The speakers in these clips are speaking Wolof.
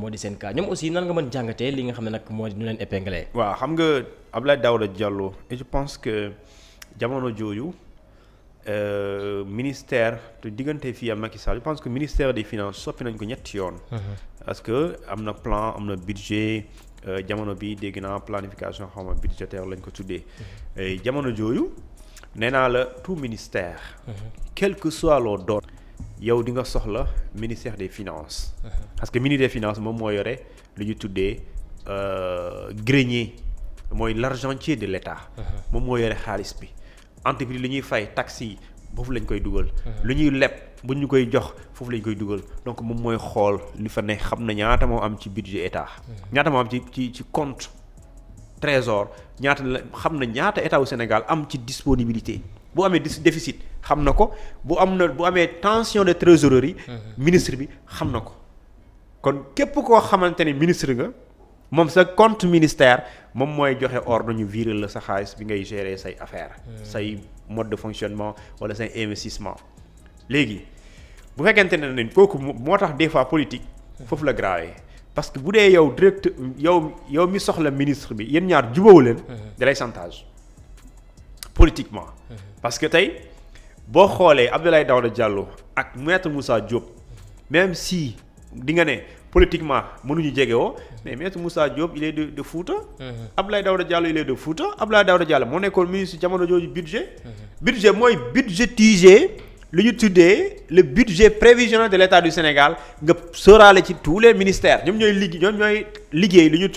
moo di seen cas ñoom aussi nan nga mën jàngatee li nga xam ne nag moo di ñu leen épinglé. waaw xam nga Abdoulaye Daouda Diallo et je pense que jamono jooju euh, ministère te diggante fii ak Macky Sall je pense que ministère des finance soppi nañ ko ñetti yoon. Mhm. parce que am na plan am na budget euh, jamono bi dégg naa planification xaw ma budgétaire lañ ko tuddee mhm. jamono jooyu nee naa la tout ministère. Mhm. quelque que soit loo doon. yow di nga soxla ministère des finances. Uh-huh. parce que ministère des finances moom moo yore lu ñu tuddee euh, grenier mooy l'argentier de l'État. Uh-huh. moom moo yore xaalis bi entreprise li ñuy fay taxi, yi foofu lañ koy dugal. Uh-huh. lu ñuy leb bu ñu koy jox foofu lañ koy dugal donc moom mooy xool li fa ne xam na ñaata moo am ci budget état. ñaata moo am ci ci ci compte trésor ñaata la xam na ñaata état au Sénégal am ci disponibilité bu amee déficit xam ko bu amna bu amé tension de trésorerie mhm. ministre bi xam ko kon képp ko xamante ni ministre nga mom sa compte ministère mom moy joxé ordre ñu virer la sa xaalis bi ngay gérer say affaire mhm. say mode de fonctionnement wala say investissement légui bu fekkente ne nañ kooku motax des fois politique fofu la grave parce que boudé yow direct yow yow mi soxla ministre bi yéen ñaar jubóo leen. Mhm. da lay chantage politiquement. parce que tay bo xolé Abdoulaye Daouda Diallo ak maître Moussa Diop même si di nga ne politiquement mënuñu jege woo mais maître Moussa Diop il est de de Fouta. Mhm. Abdoulaye Daouda Diallo il est de foot, Abdoulaye Daouda Diallo mon nekkoon ministre jamono jooju budget. Mhm. budget budget budgétiser li ñu le budget prévisionnel de l'état du Sénégal nga sóoraale ci tous les ministères ñoom ñoy liggéey ñoom ñooy liggéey li ñu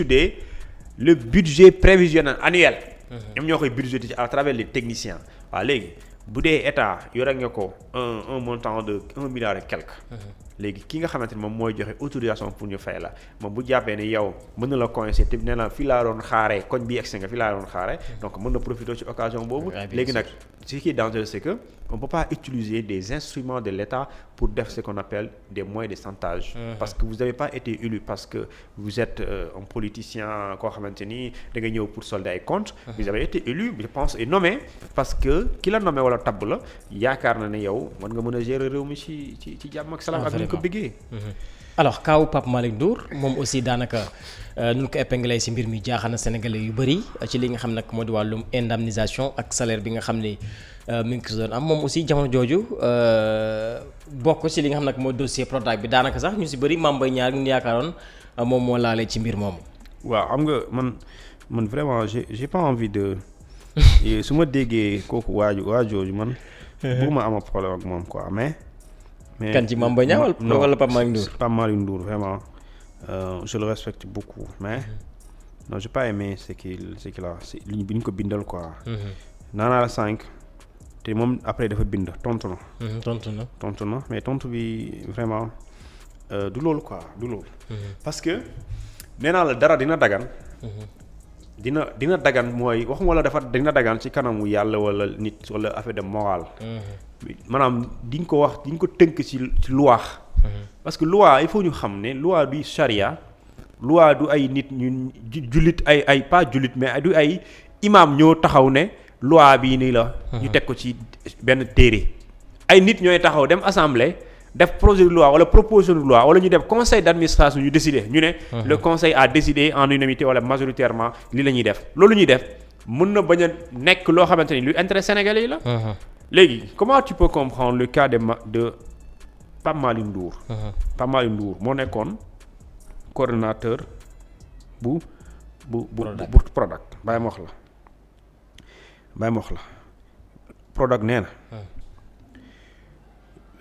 le budget prévisionnel annuel. Mhm. ñoom ñoo koy budgétiser à travers les techniciens wa légui budé état yore nga ko un un montant de 1 milliard et quelque. Mhm. légui ki nga xamante mom moy mooy joxe autorisation pour ñu fay la mom bu jàppee né yow mëna la coincé te nee na fii laa doon xaaree koñ bi egsi nga fii laa doon xaaree. Mhm. donc mëna profiter ci occasion bobu légui nak ce qui est dangereux, c'est qu'on ne peut pas utiliser des instruments de l'État pour faire ce qu'on appelle des moyens de chantage. Mm-hmm. Parce que vous n'avez pas été élu, parce que vous êtes euh, un politicien, quoi, vous pour soldat et contre. Mm-hmm. Vous avez été élu, je pense, et nommé, parce que, qui l'a nommé à table, il y a un carnet, il y a un carnet, il y a un carnet, il y a un alors kaaw Pape Malick Dour, moom aussi daanaka euh, nu ko épinglé ci mbir mi jaaxal sénégalais yu bëri euh, ci li nga xam nag moo di indemnisation ak salaire bi nga xam ni euh, mi ngi ko am moom aussi jamono jooju bokk ci li nga xam nag mooy dossier Prodac bi Danaka sax ñu ci bëri Mame Mbaye Niang ñu yaakaaroon moom moo laalee ci mbir moomu. waaw xam nga man man vraiment j'ai j'ai pas envie de su ma déggee kooku waaju waajooju man. bëgguma am problème ak moom quoi mais kan ci Mame Boye Niang wala Pape Malick Ndour Pape Malick Ndour vraiment euh, je le respecte beaucoup mais non j'ai pas aimé ce qu'il ce qu'il a li ñu ko bindal quoi. Mhm. nana la 5 te moom après dafa bind tontu na. Mhm, tontu na tontu na mais tontu bi vraiment euh, du loolu quoi du loolu. Mhm. parce que nee naa la dara dina dagan. dina dina dagan mooy waxuma la dafa dina dagan ci kanamu yàlla wala nit wala affaire de moral maanaam mhm. di ko wax di ko tënk ci ci loi mhm. parce que loi il faut ñu xam ne loi du sharia loi du ay nit ñu julit ay ay pas julit mais du ay imam ñoo taxaw ne loi bii nii la ñu mhm. teg ko ci benn téere ay nit ñooy taxaw dem assemblée def projet de loi wala proposition de loi wala ñu def conseil d'administration ñu décider ñu ne. Mhm. le conseil a décidé en unanimité wala majoritairement li lañuy ñuy def loolu ñuy def mën na bañ a nekk loo xamante ni lu intérêt sénégalais yi la. Mhm. léegi comment tu peux comprendre le cas de ma de Pamali Ndour. Mhm. Pape Ndour moo nekkoon coordonnateur bu bu bu bu product Baye ma wax la bàyyi ma la nee na.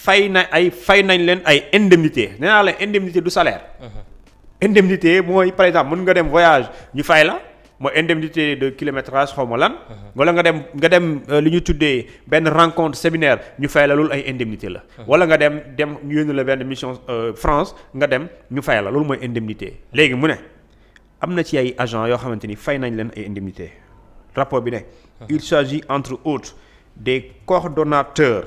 fay na ay fay nañ leen ay indemnité nee naa la indemnité du salaire. Uh-huh. indemnité mooy par exemple mën nga dem voyage ñu fay la mooy indemnité de kilométrage xaw ma lan. Uh-huh. wala nga dem nga dem euh, li ñu tuddee benn rencontre séminaire ñu fay la loolu ay indemnité la. Uh-huh. wala nga dem dem ñu yónni la benn mission euh, France nga dem ñu fay la loolu mooy indemnité léegi mu ne am na ci ay agent yoo xamante ni fay nañ leen ay indemnité rapport bi ne. il s'agit entre autres des coordonnateurs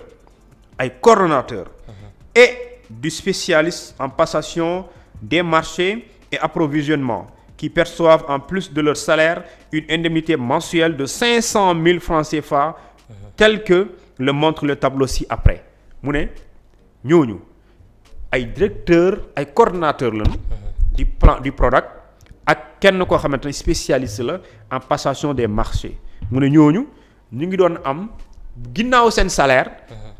ay coordonnateurs et du spécialiste en passation des marchés et approvisionnement qui perçoivent en plus de leur salaire une indemnité mensuelle de 500 000 francs CFA tel que le montre le tableau ci après Nous ñooñu directeur ay coordinateur du product, du product ak kenn en passation des marchés Nous sommes ñooñu ngi salaire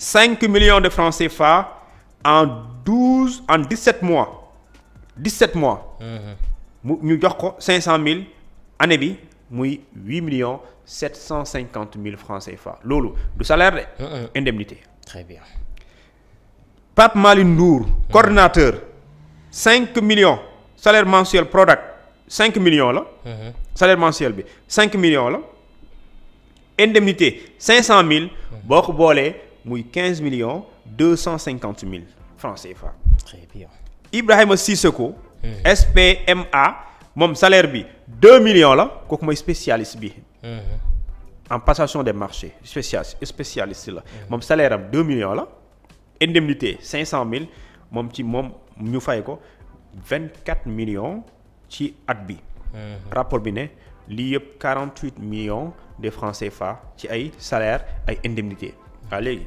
5 millions de francs CFA en 12 en 17 mois 17 mois. 500 ñu jox 8 millions 750 000 francs CFA le du salaire indemnité. très bien. Pape Malindour, mm-hmm. coordinateur 5 millions salaire mensuel product 5 millions mm-hmm. salaire mensuel 5 millions indemnité 500 000. 15 millions 250 000 francs CFA. très bien Ibrahim Sissoko. Mhm. SPMA mon salaire bi 2 millions là. kooku spécialiste bi. Mhm. en passation des marchés spécialiste spécialiste salaire 2 millions là. indemnité 500 000. mon petit 24 millions ci at bi. Mhm. rapport bi 48 millions de francs CFA ci ay salaire ay indemnité waa léegi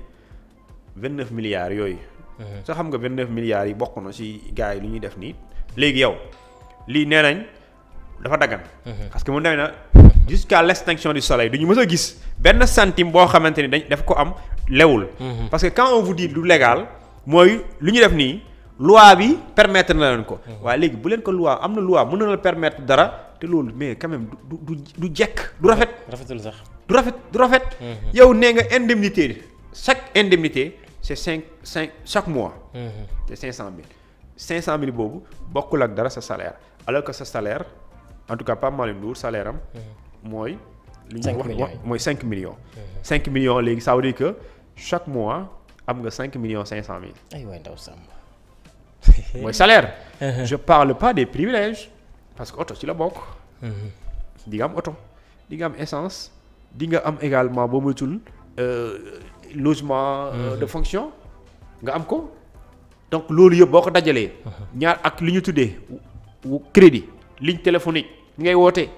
vingt neuf milliards yooyu. Uh-huh. sa xam nga vingt neuf milliards yi bokk na si gars yi lu ñuy def nii. léegi yow lii nee nañ dafa daggan. Uh-huh. parce que mu nee na jusqu'à l'extinction du soleil du ñu mës gis benn centime boo xamante ni dañ daf ko am lewul. Uh-huh. parce que quand on vous du légal mooy lu ñu def nii. loi bi permettre na leen ko. waaye léegi bu leen ko loi am na loi mën na la dara te loolu mais quand du du du jekk du rafet. rafetul sax du rafet du rafet. yow nee nga indemnité. indemnité, c'est 5, chaque mois, mhm. c'est 500 000. 500 000 bobu, beaucoup salaire. Alors que ce salaire, en tout cas pas mal salaire, mhm. c'est 5 millions. 5 millions. Mhm. ça veut dire que chaque mois, am 5 millions 500 000. C'est salaire. je ne Je parle pas des privilèges, parce que auto, c'est la banque. Mm -hmm. Digam auto. essence. également, euh, logement euh, mhm. de fonction nga am ko donc loolu yëpp boo ko dajalee mhm. ñaar ak li ñu tuddee crédit ligne téléphonique ngay wootee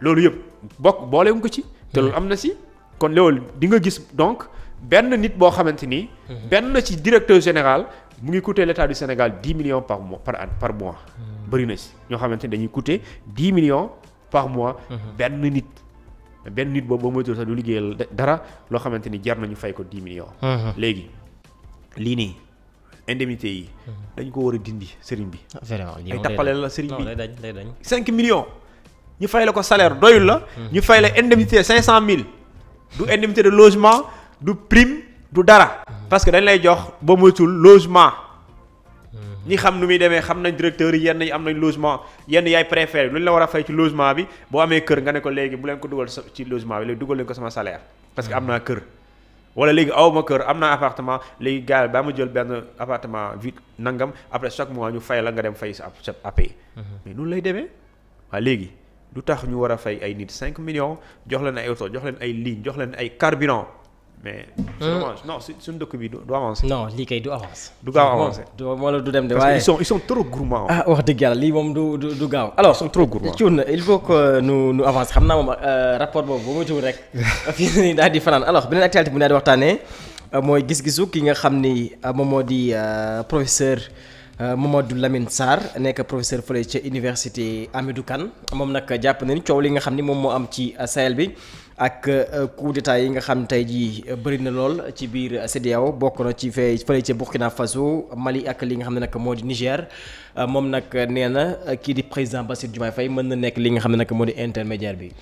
loolu yëpp bokk boolewuñ ko ci te loolu mhm. am na si kon loolu di nga gis donc benn nit boo xamante ni benn ci directeur général mu ngi coûter l'État du Sénégal dix millions par mois par an par mois bëri na si ñoo xamante ni dañuy coûter dix millions par mois benn nit benn nit boobu ba moytu sax du liggéeyal dara loo xamante ni jar nañu fay ko 10 millions. Uh-huh. léegi lii nii indemnité yi. Uh-huh. dañ ko war a dindi sëriñ bi. Ah, vraiment ay tapale la sëriñ bi non lay dañ lay dañ. 5 millions ñu fay la ko salaire doyul la. Uh-huh. ñu fay la indemnité 500 000 du indemnité de logement du prime du dara. parce que dañ lay jox ba moytu logement. ñi xam nu muy demee xam nañ directeur yi yenn yi am nañ logement yenn yaay préféré lu ñu la war a fay ci logement bi boo amee kër nga ne ko léegi bu leen ko dugal ci logement bi léegi dugal leen ko sama salaire parce que am naa kër wala léegi aw kër am naa appartement léegi gars baa ma jël benn appartement vide nangam après chaque mois ñu fay la nga dem fay sa sa appay mais noonu lay demee waaw léegi du tax ñu war a fay ay nit 5 millions jox leen ay jox leen ay ligne jox ay carburant mais hein? c'est dommage non c'est, non c'est kay du Avance. du ils sont ils sont trop gourmands. Hein. ah wax de alors ils sont trop gourmands il faut que nous nous avancions vous euh, rapport vous vous mu différent alors Je actualité vous di Je vous gis vous ki nga euh, euh, professeur. Eh, Momadou Lamine Sar nek professeur fele ci université Amadou Kane mom nak japp nañ ciow li nga xamni mom mo am ci Sahel bi ak eh, coup d'état yi nga xam tay ji bari na lol ci biir CDAO bokk na ci fele ci Burkina Faso Mali ak li nga xamni nak modi Niger eh, mom nak neena ki di président Bassirou Diomaye Faye meun na nek li nga xamni nak modi intermédiaire bi